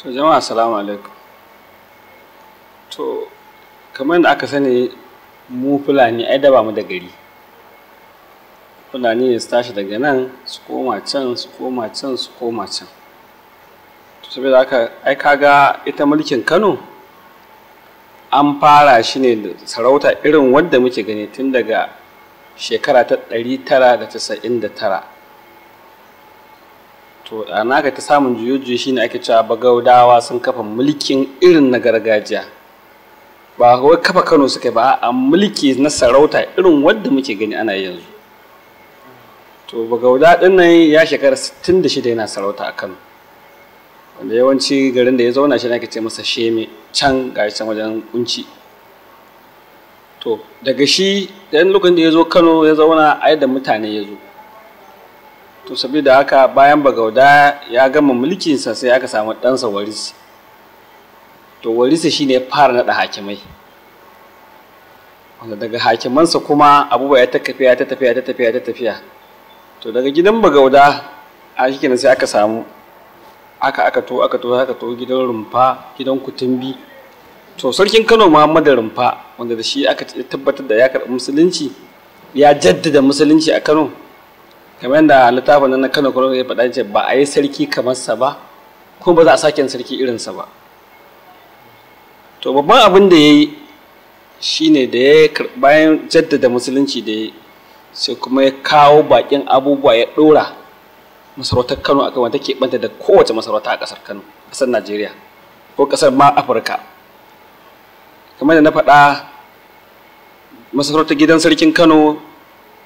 to jama'a assalamu alaikum to kamar da aka sani mu fulani ai daba mu da gari fulani ne su tashi daga nan su koma can su koma can su koma can to saboda haka ai kaga ita mulkin kano an fara shi ne da sarauta irin wanda muke gani tun daga shekara ta 999 to ana ka ta samun juye shi shine ake cewa bagaudawa sun kafa mulkin irin na gargajiya ba wai kafa kano suka ba a mulki na sarauta irin wadda muke gani ana yanzu to bagauda din nan ya shekara 66 yana sarauta a kano wanda yawanci garin da ya zauna shi ne ake ce masa sheme can ga can wajen kunci to daga shi dan lokacin da ya zo kano ya zauna a yadda mutane ya zo to saboda haka bayan bagauda ya gama mulkinsa sai aka samu ɗansa warisi to warisi shi ya fara naɗa hakimai wanda daga hakimansa kuma abubuwa ya ta tafiya ta tafiya ta tafiya ta tafiya to daga gidan bagauda a shi sai aka samu aka aka to aka to aka to gidan rumfa gidan kutumbi to sarkin kano muhammadu rumfa wanda da shi aka tabbatar da ya karɓi musulunci ya jaddada musulunci a kano kamar yadda littafin nan na Kano Kano ya faɗa ce ba a yi sarki kamar sa ba kuma ba za a sake sarki irinsa ba to babban abin da ya yi shi ne da ya bayan jaddada musulunci da ya sai kuma ya kawo bakin abubuwa ya ɗora masarautar Kano a wanda ke banta da kowace masarauta a ƙasar Kano ƙasar Najeriya ko ƙasar ma Afirka kamar da na faɗa masarautar gidan sarkin Kano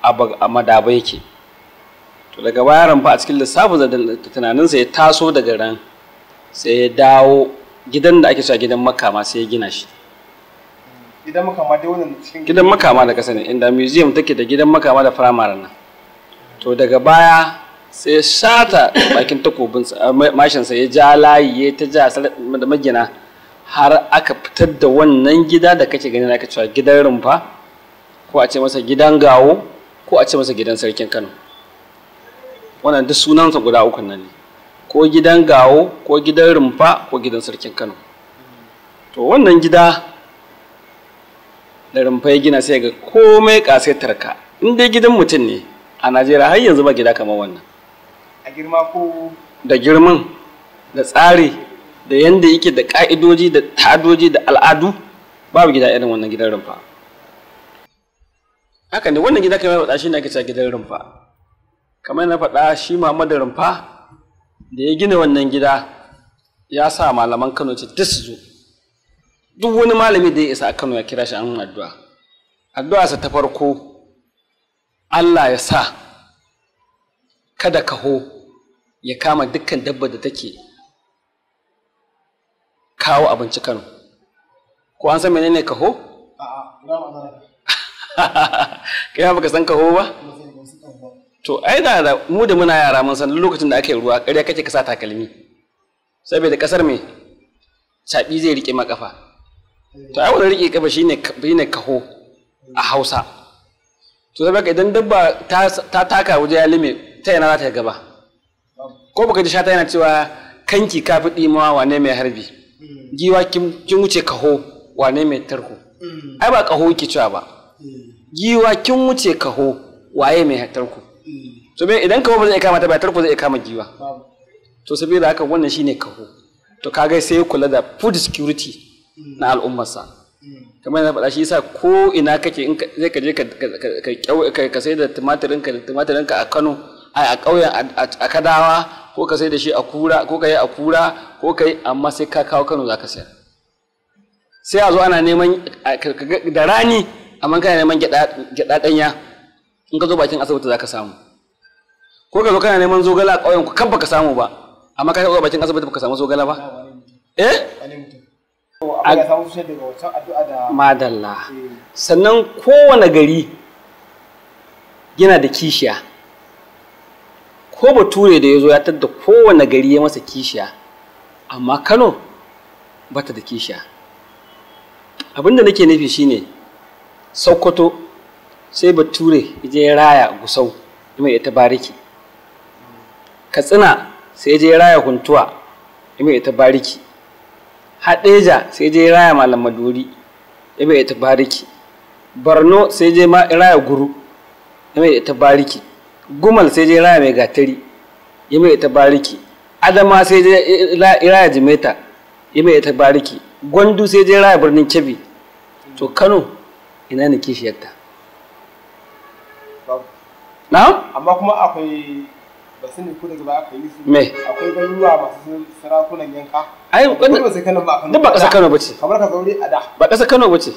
a madaba yake to daga baya, fa a cikin lissafin da tunaninsa ya taso daga ran sai ya dawo gidan da ake cewa gidan makama sai ya gina shi gidan makama da wannan cikin gidan makama da kasa ne inda museum take da gidan makama da firamare nan to daga baya sai shata bakin takobin mashinsa ya ja layi ya ta ja da magina har aka fitar da wannan gida da kake ganin aka cewa gidan rumfa ko a ce masa gidan gawo ko a ce masa gidan sarkin Kano wannan duk sunansa guda uku nan ne ko gidan gawo ko gidan rumfa ko gidan sarkin kano to wannan gida da rumfa ya gina sai ga komai kasaitar ka in dai gidan mutum ne a najeriya har yanzu ba gida kamar wannan a girma ko da girman da tsari da yanda yake da ka'idoji da tadoji da al'adu babu gida irin wannan gidan rumfa haka ne wannan gida kamar ba shi ne ake cewa gidan rumfa kamar na faɗa shi Muhammadu Rumfa da ya gina wannan gida ya sa malaman Kano ce duk su zo duk wani malami da ya isa a Kano ya kira shi an addu'a addu'a sa ta farko Allah ya sa kada kaho ya kama dukkan dabba da take kawo abinci Kano ko an san menene kaho a'a kai ba ka san kaho ba to ai da da mu da muna yara mun san lokacin da ake ruwa ƙarya kake kasa takalmi saboda ƙasar me caɓi zai riƙe makafa to ai wani riƙe ƙafa shine ne kaho a Hausa to baka idan dabba ta taka waje ya lime ta yana za ta gaba ko baka ji shata yana cewa kanki ka fi ɗimawa wane mai harbi giwa kin wuce kaho wane mai tarko ai ba kaho ke cewa ba giwa kin wuce kaho waye mai tarko so bai idan kawo ba zai kama ta ba tarko zai kama giwa to saboda haka wannan shine kaho to kaga sai ya kula da food security na al'ummarsa mm. kamar yana faɗa shi yasa ko ina kake in zai ka je ka ka sai da tumatirin ka tumatirin ka a Kano a ƙauyen a Kadawa ko ka sai da shi a Kura ko ka yi a Kura ko ka yi amma sai ka kawo Kano zaka sayar sai a zo ana neman da rani amma kana neman gyaɗa ɗanya in ka zo bakin asibiti zaka samu ko ka zo kana neman zogala a ƙauyen ku kan baka samu ba amma ka taɓa bakin asibiti baka samu zogala ba eh madalla eh. sannan kowane gari yana da kishiya ko bature da ya zo ya tadda kowane gari ya masa kishiya amma kano bata da kishiya abinda nake nufi shine sokoto sai bature ya raya gusau mai ita bariki katsina sai je raya huntuwa ibe ita bariki hadeja sai je raya malam maduri ibe ita bariki barno sai je ma raya guru ibe ita bariki gumal sai je raya mai gatari ibe ita bariki adama sai je eh, eh, raya jimeta ibe ita bariki gwandu sai je raya birnin kebbi to kano ina ne kishiyarta na? amma kuma akwai ba sani ko daga baya aka yi su me akwai garuruwa masu sarakunan yanka ai wannan ba sai Kano ba Kano ba kasar Kano bace kamar ka zaure a da ba kasar Kano bace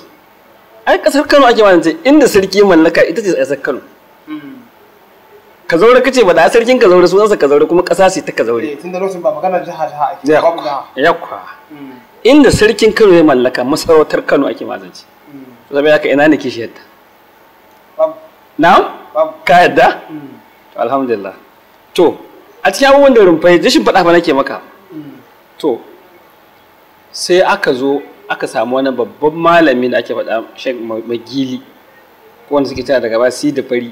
ai kasar Kano ake magance inda sarki mallaka ita ce kasar Kano mm-hmm. ka zaure kace ba da sarkin ka zaure sunansa ka zaure kuma kasa ce ta ka zaure eh, tun da lokacin ba magana jaha jaha ake ba yakwa mm. inda sarkin Kano ya mallaka masarautar Kano ake magance zabe mm. haka ina ne kishiyarta na'am ka yadda mm. alhamdulillah to a cikin abubuwan da rumfai shi faɗa fa ke maka to sai aka zo aka samu wani babban malami da ake faɗa shek magili wanda suke tana daga basi da fari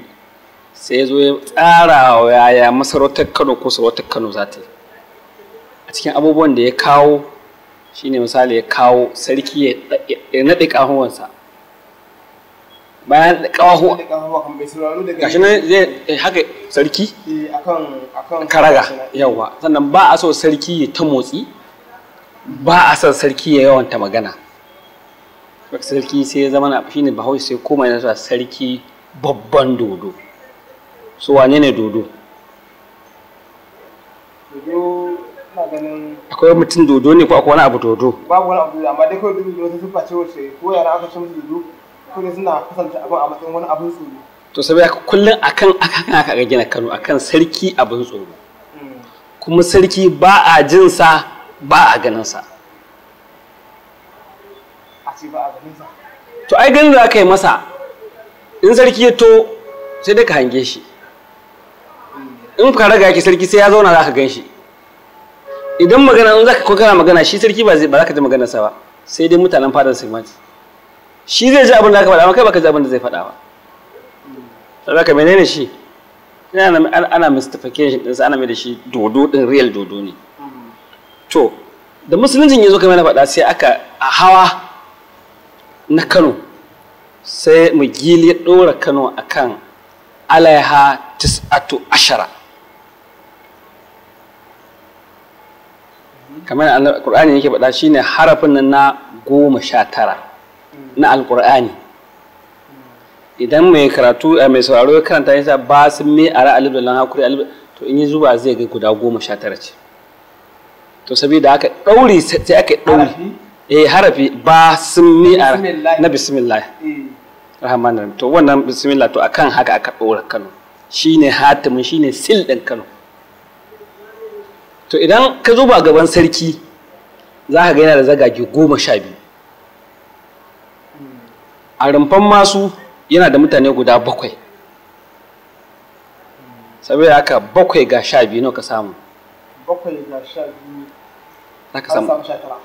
sai zo ya tsara wa yaya masarautar kano ko sarautar kano za ta yi a cikin abubuwan da ya kawo shine misali ya kawo sarki ya naɗe ƙahuwansa bayan ƙaho zai haka sarki eh, karaga yawa sannan ba a so sarki ya ta motsi ba a son sarki ya yawanta magana sarki sai ya zama na ne bahaushe sai koma yana zuwa sarki babban dodo so wane ne dodo akwai mutum dodo ne ko akwai wani abu dodo babu wani abu amma dai kawai dodo ta zuba ce wace ko yana aka ce dodo ko suna kasance abin a matsayin wani abin tsoro to saboda kullum akan akan aka gina Kano akan sarki abin tsoro kuma sarki ba a jin sa ba a ganin sa to ai ganin da aka yi masa in sarki ya to sai dai ka hange shi in ka raga yake sarki sai ya zauna za ka gan shi idan magana in za ka kana magana shi sarki ba za ka ji maganarsa ba sai dai mutanen fadar sai ma shi zai ji abin da aka faɗa amma kai ba ka ji abin da zai faɗa ba don haka menene shi ana mystification ɗinsa ana mai da shi dodo din real dodo ne to da musuluncin ya zo kamar na faɗa sai aka a hawa na kano sai mugili ya ɗora kano akan alaiha tis'atu ashara kamar alƙur'ani yake faɗa shine harafin nan na goma sha tara na alƙur'ani idan mai karatu a eh, mai sauraro ya karanta ya ba su me a alif da hakuri alif to in yi zuba zai ga guda goma sha tara ce to saboda aka ɗauri sai aka ɗauri eh harafi ba sun me a na bismillah eh. rahman rahim to wannan bismillah to akan haka aka ɗora kano shine hatimin shine sil ɗin kano to idan ka zuba gaban sarki za ka ga yana da zagage goma sha biyu hmm. a rumfan masu yana da mutane guda bakwai saboda haka bakwai ga sha biyu ka samu bakwai ga sha biyu za ka samu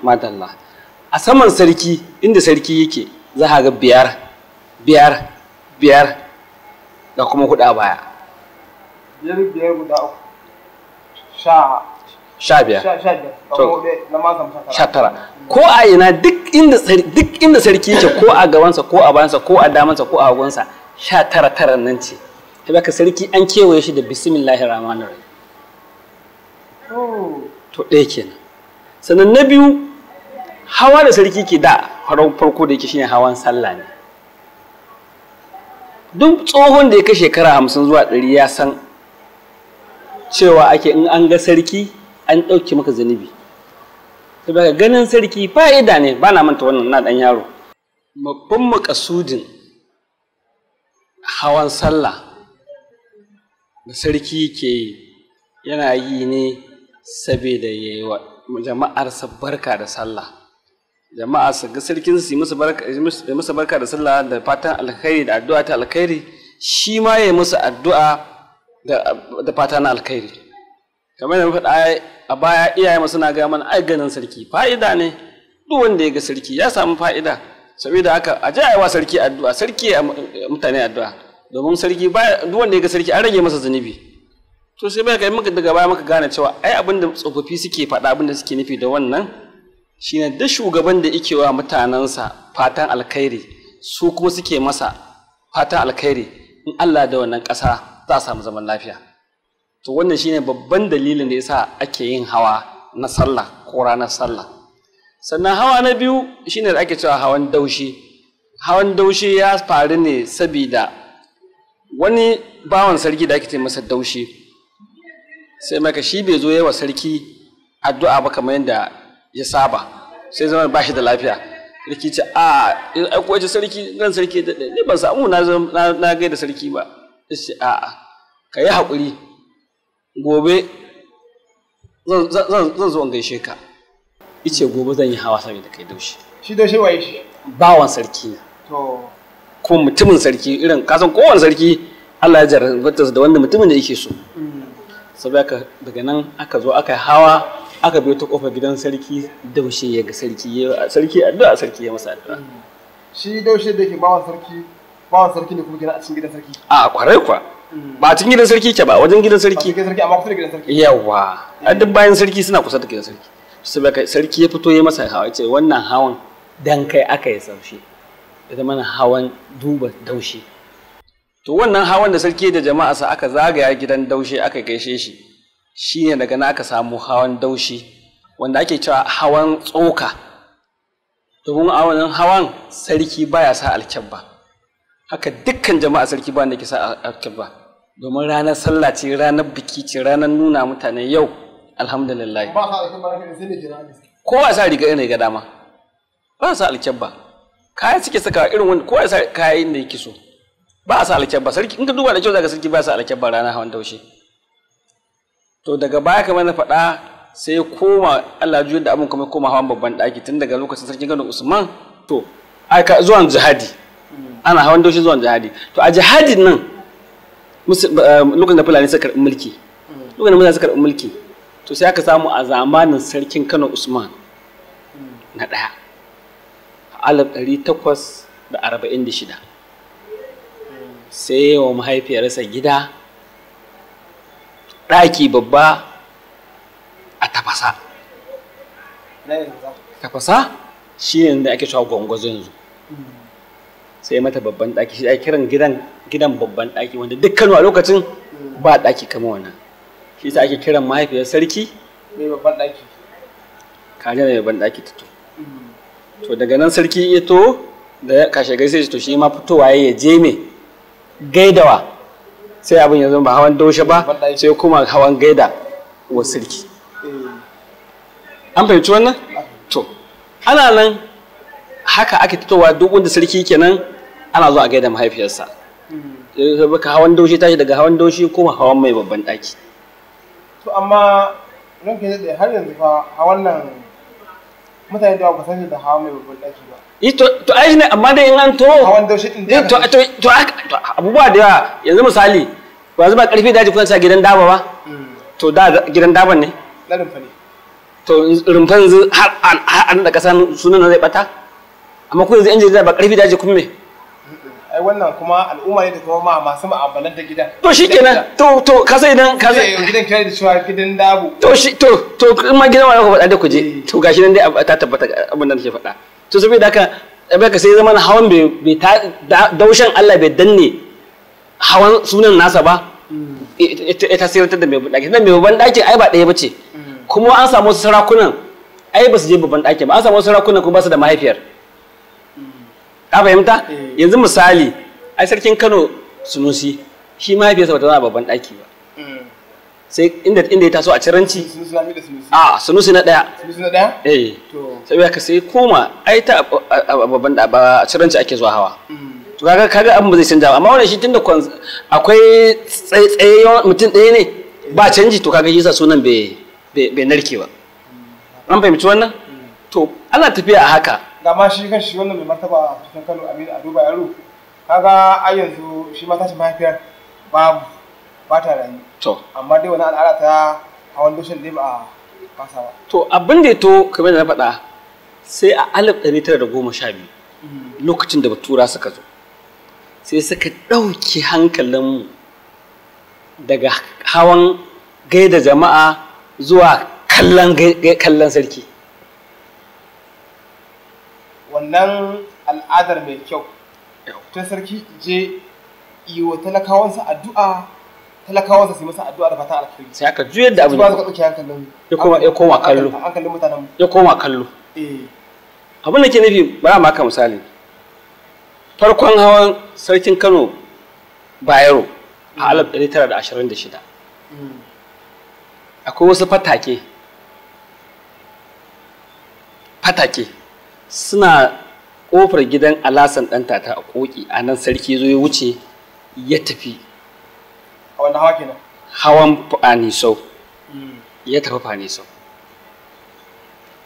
madalla a saman sarki inda sarki yake za a ga biyar biyar biyar da kuma hudu a baya biyar biyar guda sha sha biyar sha tara ko a ina duk inda duk inda sarki yake ko a gabansa ko a bayansa ko a damansa ko a hagunsa sha tara tara nan ce ta baka sarki an kewaye shi da bismillahir rahmanir rahim oh. to ɗaya kenan sannan na biyu hawa da sarki ke da farko da yake shine hawan sallah ne duk tsohon da ya kai shekara hamsin zuwa ɗari ya san cewa ake in an ga sarki an ɗauke maka zunubi saboda ganin sarki fa'ida ne ba na manta wannan na ɗan yaro babban makasudin hawan sallah da sarki ke yana yi ne saboda ya yi wa barka da sallah jama'a su ga sarkin su yi musu barka da sallah da fatan alkhairi da addu'a ta alkhairi shi ma ya yi musu addu'a da fata na alkhairi kamar da muka faɗa a baya iyayenmu suna ga mana ai ganin sarki fa'ida ne duk wanda ya ga sarki ya samu fa'ida saboda haka a ji wa sarki addu'a sarki ya mutane addu'a domin sarki duk wanda ya ga sarki an rage masa zunubi to sai bai kai muka daga baya muka gane cewa ai abin da tsofaffi suke faɗa abin da suke nufi da wannan shine da shugaban da yake wa mutanensa fatan alkhairi su kuma suke masa fatan alkhairi in Allah da wannan ƙasa za a samu zaman lafiya to wannan shine babban dalilin da yasa ake yin hawa na sallah ko ranar sallah sannan hawa na biyu shine da ake cewa hawan daushi. hawan daushi ya faru ne sabida wani bawan sarki da ake ce masa daushi. sai maka shi bai zo wa sarki addu'a ba kamar yadda ya saba sai zama ba shi da lafiya sarki ce a aiko ce sarki ran sarki ne ban samu na na gaida sarki ba sai a ka yi haƙuri gobe zan zo in gaishe ka ice gobe zan yi hawa sami da kai daushe shi daushe waye shi bawan sarki ne to ko mutumin sarki irin kasan kowane sarki Allah ya jarabta da wanda mutumin da yake so mm. saboda daga nan aka zo aka hawa aka biyo ta kofar gidan sarki daushe ya ga sarki ya sarki addu'a sarki ya masa addu'a mm. shi daushe da yake bawan sarki bawan sarki ne kuma gina a cikin gidan sarki a kwarai kwa ba cikin gidan sarki ke ba wajen gidan sarki yawa a eh. duk bayan sarki suna kusa da gidan sarki saboda sarki ya fito ya masa hawa ce wannan hawan dan kai aka yi saushe ya zama hawan duba daushe to wannan hawan da sarki da jama'a sa aka zagaya gidan daushe aka gaishe shi shine daga na aka samu hawan daushe wanda ake cewa hawan tsoka domin a wannan hawan sarki baya sa alkyabba haka dukkan jama'a sarki ba da ke sa alkyabba domin ranar sallah ce ranar biki ce ranar nuna mutane yau alhamdulillah ko a sa riga irin ga dama ba sa alkyabba kaya suke saka irin wani ko a sa kayan da yake so ba a sa alkyabba sarki in ka duba da kyau zaka sarki ba sa alkyabba ranar hawan taushe to daga baya kamar na faɗa sai koma Allah juyar da abin kuma koma hawan babban ɗaki tun daga lokacin sarkin Kano Usman to ka zuwan jihadi hmm. ana hawan taushe zuwan jihadi to a jihadin nan Eh, lokacin da fulani suka karɓi mulki hmm. lokacin da mutane suka karɓi mulki to sai aka samu a zamanin sarkin kano usman hmm. na ɗaya A alif ɗari takwas da arba'in da shida hmm. sai wa mahaifiyarsa gida ɗaki babba a tafasa tafasa shi ne da ake cewa gwangwazo yanzu sai mata babban ɗaki shi ake kiran gidan gidan babban ɗaki wanda duk Kano a lokacin ba ɗaki kama wannan shi yasa ake kiran mahaifiyar sarki mai babban ɗaki kare mai babban ɗaki ta to mm. to daga nan sarki ya to da kashe gaisa to shi ma fitowa ya je me gaidawa sai abin ya zama ba hawan daushe ba sai kuma hawan gaida wa sarki eh. an fahimci wannan ah. to ana nan haka ake fitowa duk wanda sarki kenan ana zuwa gaida mahaifiyarsa Eh, baka hawan doshi tashi daga hawan doshi kuma hawan mai babban ɗaki to amma ke da har yanzu fa hawan nan mutane da ba sani da hawan mai babban ɗaki ba eh, to to ai ne amma dai in an to hawan daushi din eh, to to to abubuwa da yawa yanzu misali ba zuba karfi daji kusa gidan daba ba mm. to da gidan daban ne na rumfa ne to rumfan har an da kasan sunan zai bata amma ku yanzu yanzu jarida ba karfi daji kun me ai wannan kuma al'umma ne da kuma ma masu ma'amalan da gidan to shikenan to to ka sai nan ka sai gidan kai da cewa gidan dabu to shi to to ma gidan wa ka faɗa da kuje eh. to gashi nan dai ta tabbata abin da nake faɗa to saboda haka ka sai zaman hawan bai daushen Allah bai danne hawan sunan nasa ba hmm. ita sai da mai banɗaki nan mai ɗakin? ai ba ɗaya ba ce. Hmm. kuma an samu sarakunan ai ba su je babban ɗakin ba an samu sarakunan kuma ba su da mahaifiyar ka fahimta eh. yanzu misali ai sarkin Kano Sunusi shi ma mahaifiyarsa sabata zama a babban ɗaki ba mm. sai inda inda ya taso a ciranci a sunusi na daya sunusi na daya eh sai ka sai koma ai ta babban da a ciranci ake zuwa hawa mm. to kaga kaga abin ba zai canja ba amma wannan shi tunda akwai tsaye mutum ɗaya ne ba canji to kaga yasa sunan bai bai narke ba mm. an fahimci wannan to ana tafiya a haka ga ma shi shi wannan mai martaba cikin Kano Aminu Aduba Yaro kaga a yanzu shi ma tashi mahaifiyar babu ba ta rayu to amma dai wani al'ada ta hawan dushin dai ba a kasa ba to abin da ya to kamar da na faɗa sai a alif ɗari tara da goma sha biyu mm. lokacin da batura suka zo sai suka ɗauki hankalinmu daga hawan gaida jama'a zuwa kallon sarki wannan al'adar mai kyau ta sarki je yi wa talakawansa addu'a talakawansa su masa addu'a da fatan alkhairi sai aka juyar da abin ba su ya koma kallo ya koma kallo eh abin da ke nufi ba ma ka misali farkon hawan sarkin Kano Bayero a 1926 hmm. akwai wasu fatake fatake suna kofar gidan alasan ɗan tata a koki a nan sarki zo ya wuce ya tafi a wani hawa kenan hawan fanisau ya tafi fanisau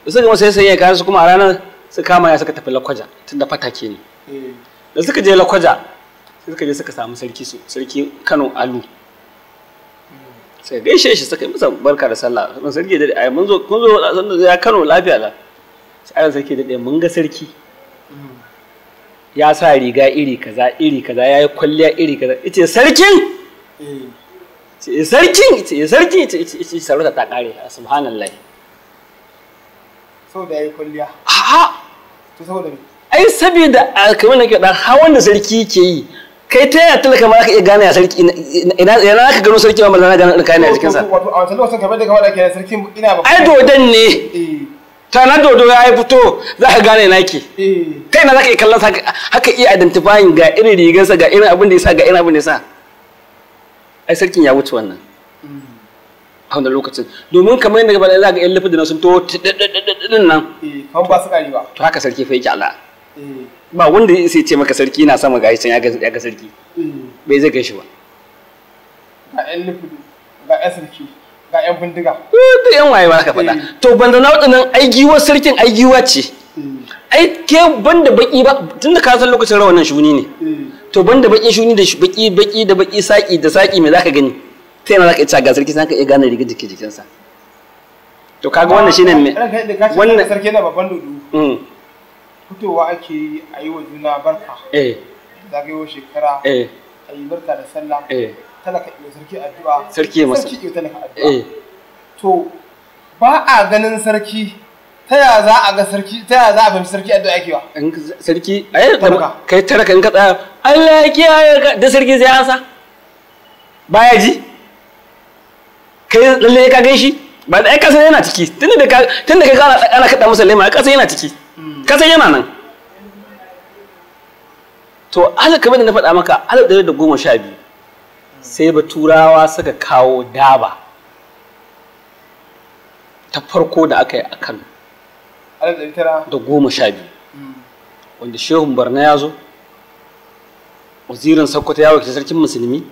suka gama sai sai ya kare su kuma a ranar su kama ya suka tafi lakwaja tun da fatake ne eh. da suka je lakwaja sai suka je suka samu sarki su sarki kano alu hmm. sai gaishe shi suka yi masa barka da sallah sarki da ai mun zo kun zo ya kano lafiya lafiya tsarin sarki da ɗaya mun ga sarki ya sa riga iri kaza iri kaza ya yi kwalliya iri kaza ita sarkin ce sarkin ce sarkin ita ita sarauta ta kare a subhanallah saboda yayi kwalliya a'a to saboda me ai saboda kamar nake da hawan da sarki ke yi kai ta yaya talaka ma ka iya gane sarki ina ina ka gano sarki ma mallana gane kayan a jikinsa wato a wata lokacin kamar da kamar da ke sarkin ina ba ai dodan ne tana dodo ya yi fito za ka gane naki kai na eh. za ka kallon kallon haka iya identifying ga irin rigarsa ga irin abin da ya sa ga irin abin da ya sa ai sarkin ya wuce wannan hmm. a wannan lokacin domin kamar yadda gaba da za ga yan lafi da na sun to din nan eh, kan ba su kari ba to haka sarki fa yake Allah eh. ba wanda ya sai ce maka sarki na sama ga shi ya ga sarki hmm. bai zai kai shi ba ga yan lafi ga yan sarki ga yan bindiga duk yan waye ma ka faɗa eh. to banda na waɗannan aigiwa sarkin aigiwa ce eh. ai ke banda baki ba tunda ka san lokacin rawanin shuni ne eh. to banda baki shuni da baki baki da baki saki da saki me zaka gani sai na zaka iya ga sarki zaka iya gane rigar jikin jikinsa to kaga wannan shine me wannan sarki yana babban dudu mm. fitowa ake yi a yi wa juna barka eh wa shekara eh ayi barka da sallah eh talaka sarki addu'a sarki ya masa sarki talaka addu'a eh. to ba a ganin sarki ta ya za a ga sarki ta ya za a fahimci sarki addu'a yake wa sarki ai kai talaka in ka tsaya Allah ya kiyaye ka da sarki sai ansa baya ji kai lalle ka gan shi ba da ka kasan yana ciki tunda hmm. da ka tunda kai kana kana kada masa lema kasan yana ciki kasan yana nan to Allah kamar da na faɗa maka Allah da goma sha biyu sai turawa suka kawo daba ta farko da aka yi a kano da goma sha biyu wanda shehun barna ya zo wazirin sokoto ya wakilci sarkin musulmi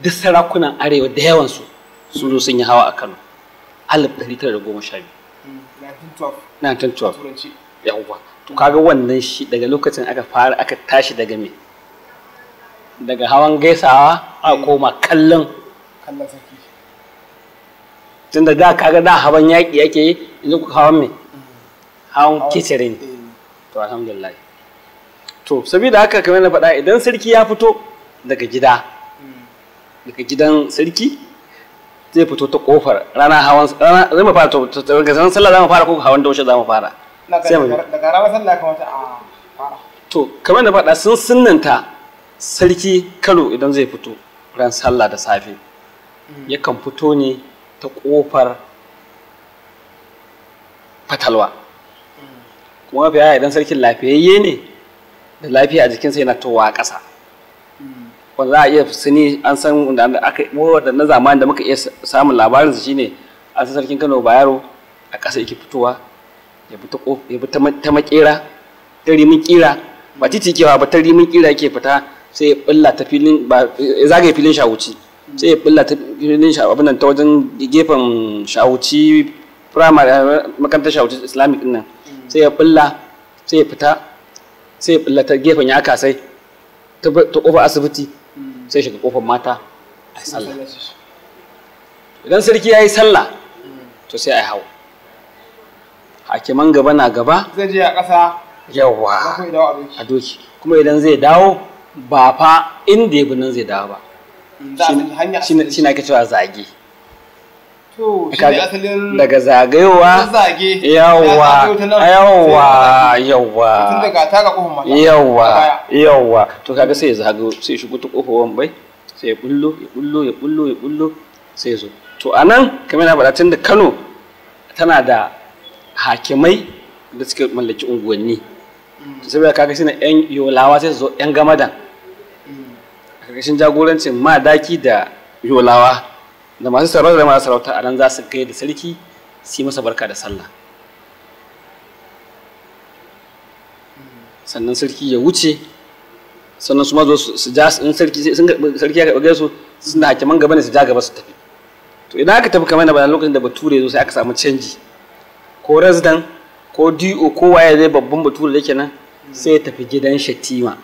duk sarakunan arewa da yawansu sun zo sun yi hawa a kano alif ɗari tara da goma sha biyu 1912 yawwa to kaga wannan shi daga lokacin aka fara aka tashi daga mai daga hawan gaisawa a eh. koma kallon tun da da kaga da hawan yaƙi yake yanzu ku hawan mai hawan kicirin ne eh. to alhamdulillah to saboda haka kamar na faɗa idan sarki ya fito daga gida hmm. daga gidan sarki zai fito ta kofar rana hawan rana zai mu fara to daga sanan sallah za mu fara ko hawan daushe za mu fara sai mu daga rana sallah kamata a fara to kamar na faɗa sun sunnanta sarki kano idan zai fito ran sallah da safe mm. yakan fito ne ta ƙofar fatalwa mm. kuma fiya idan sarkin lafiyayye ne da lafiya a jikinsa yana towa a ƙasa mm. wanda za a iya sani an san wanda aka da na zamani da muka iya samun shi shine an san sarkin kano ba yaro a ƙasa yake fitowa ya bi ta makera ta rimin kira ba titi kewa ba ta rimin kira yake fita sai ya bulla ta filin ba zagaye filin shawuci sai ya bulla ta filin abin ta wajen gefen shawuci primary eh, makarantar shawuci islamic din nan sai ya bulla sai ya fita sai ya bulla ta gefen ya kasai ta kofar asibiti sai shiga kofar mata a sallah idan sarki ya yi sallah to sai a hau hakiman gaba na gaba zai je a ƙasa yawa a doki kuma idan zai dawo ba fa inda ya bi nan zai dawo ba shi na cewa zage daga zagayowa yawwa, yawwa, yawwa, yawwa, yawwa. to kaga sai ya zagayo sai ya shigo ta kofa wambai sai ya bullo ya bullo ya bullo ya bullo sai ya zo to a nan kamar na bada tun da kano tana da hakimai da suke mallaki unguwanni mm. saboda kaga na yan yolawa sai su zo yan gamadan ƙarƙashin jagorancin madaki da yolawa da masu sarauta da masu sarauta a nan za su kai da sarki su masa barka da sallah sannan sarki ya wuce sannan su ma zo su ja in sarki sarki ya karɓi su suna hakiman gaba ne su ja gaba su tafi to idan aka tafi kamar na bayan lokacin da bature zo sai aka samu canji ko resident ko do ko waye zai babban bature da kenan sai ya tafi gidan shatima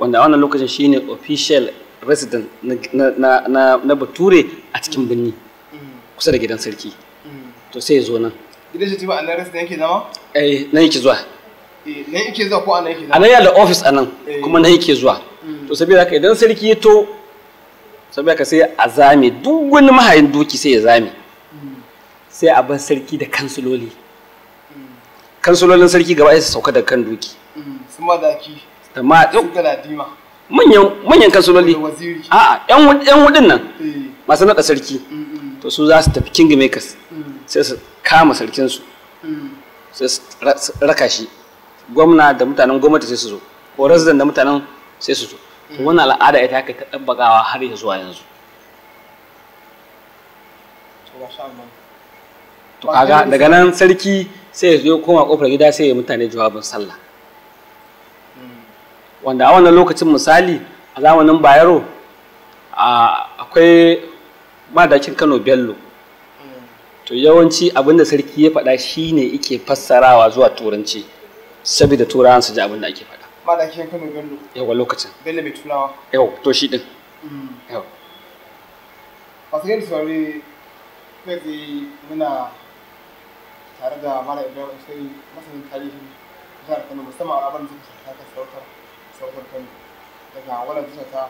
wanda a wannan lokacin shine official resident na, bature a cikin birni mm. kusa da gidan sarki mm. to sai ya zo nan gidan shi ba a nan resident yake zama eh nan yake zuwa eh, nan yake zuwa ko a yake zama a nan da office a nan eh. kuma nan yake zuwa mm. to saboda haka idan sarki ya to saboda haka sai a zame duk wani mahayin doki sai ya zame sai a bar sarki da kansuloli kansulolin sarki gaba ya sauka da kan doki sun da ma manyan kansuloli a yan wudin nan eh. masu naɗa sarki mm, mm. to su za su tafi king makers mm. sai su kama sarkinsu sai su raka shi gwamna da mutanen gwamnati sai su zo ko resident da mutanen sai su zo to wannan al'ada ita haka ta ɗabbagawa har ya zuwa yanzu to kaga daga nan sarki sai ya zo koma kofar gida sai ya mutane jawabin sallah wanda a wannan lokacin misali a zamanin bayero akwai madakin kano bello to yawanci abinda sarki ya faɗa ne ike fassarawa zuwa turanci saboda turawan su ji abinda ake faɗa madakin kano bello yawa lokacin bello mai turawa yawa to shi din mm. yawa masu yin saurari kai muna tare da mara ibrahim sai masanin tarihin jihar kano musamman abin da suka shafi sarautar tsohon daga wannan tasha ta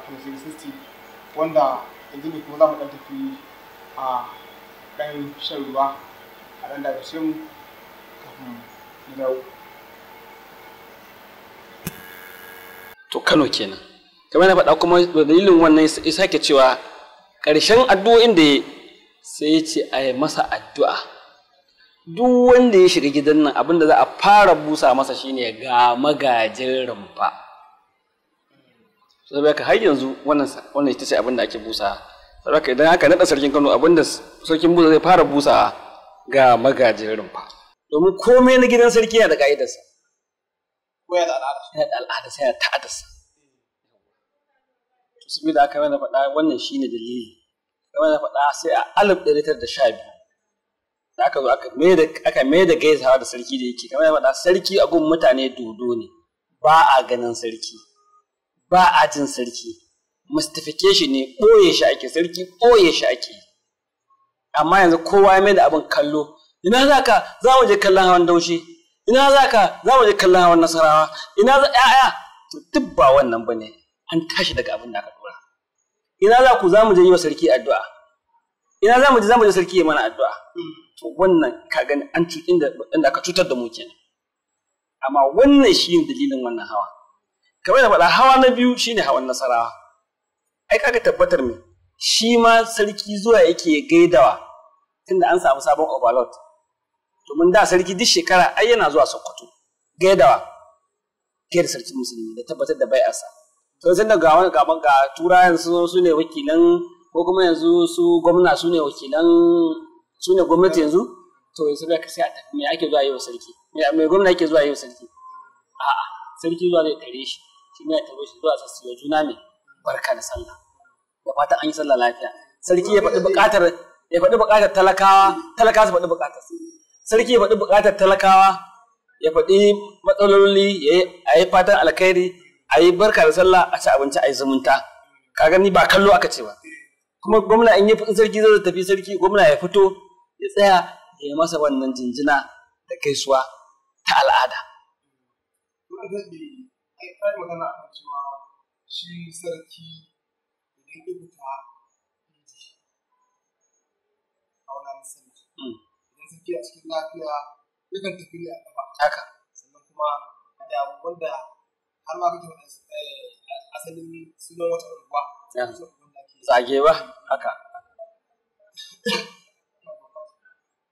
wanda yanzu ne kuma za mu ɗan tafi a ɗan shan ruwa a ɗan daga shi kafin To Kano kenan. Kamar na faɗa kuma dalilin wannan ya sake cewa ƙarshen addu'o'in da ya sai ya ce a yi masa addu'a. Duk wanda ya shiga gidan nan abin da za a fara busa masa shine ga magajin rumfa. saboda ka har yanzu wannan wannan ita ce abin da ake busa saboda idan aka nada sarkin Kano abin da sarkin busa zai fara busa ga magajirin fa. domin komai na gidan sarki yana da ka'idarsa ko yana da al'ada yana da al'ada sai ya ta'adarsa to da aka mana faɗa wannan shine dalili kamar na faɗa sai a alif ɗari tara da sha biyu da aka zo aka mai da gaisawa da sarki da yake kamar na faɗa sarki a gun mutane dodo ne ba a ganin sarki ba a jin sarki mustafication shi ne ɓoye shi ake sarki ɓoye shi ake amma yanzu kowa ya mai da abin kallo ina za ka za mu je kallon hawan daushe ina za ka za mu je kallon hawan nasarawa ina za ya'ya to duk ba wannan ba ne an tashi daga abin da aka dora ina za ku za mu je yi wa sarki addu'a ina za mu je za mu je sarki ya mana addu'a to wannan ka gani an inda aka cutar da mu kenan amma wannan shi dalilin wannan hawan. kamar da faɗa hawa na biyu shine hawan nasarawa ai kaga tabbatar me shi ma sarki zuwa yake gaidawa tunda an samu sabon obalot. to mun da sarki duk shekara ai yana zuwa Sokoto gaidawa gaida sarki musulmi da tabbatar da bai'arsa to yanzu da ga wani gaban ga turayen su su ne wakilan ko kuma yanzu su gwamna su ne wakilan su ne gwamnati yanzu to yanzu da sai me ake zuwa yi wa sarki me gwamna yake zuwa yi wa sarki a'a sarki zuwa zai tare shi kimiyya ta rushe zuwa su yi juna ne barka da sallah da fatan an yi sallah lafiya sarki ya faɗi buƙatar ya faɗi buƙatar talakawa talakawa su faɗi buƙatar sarki ya faɗi buƙatar talakawa ya faɗi matsaloli a yi fatan alkhairi a yi barka da sallah a ci abinci a yi zumunta ka gani ba kallo aka ce ba kuma gwamna in ya fi sarki zai tafi sarki gwamna ya fito ya tsaya ya yi masa wannan jinjina da gaisuwa ta al'ada. ta yi magana a cewa shi sarki idan ya fita inji a wani sallah hmm. idan sarki a cikin lafiya yakan tafi ne a gaba haka sannan kuma a wanda har ma kake wani eh, asalin sunan wata unguwa tsage ba haka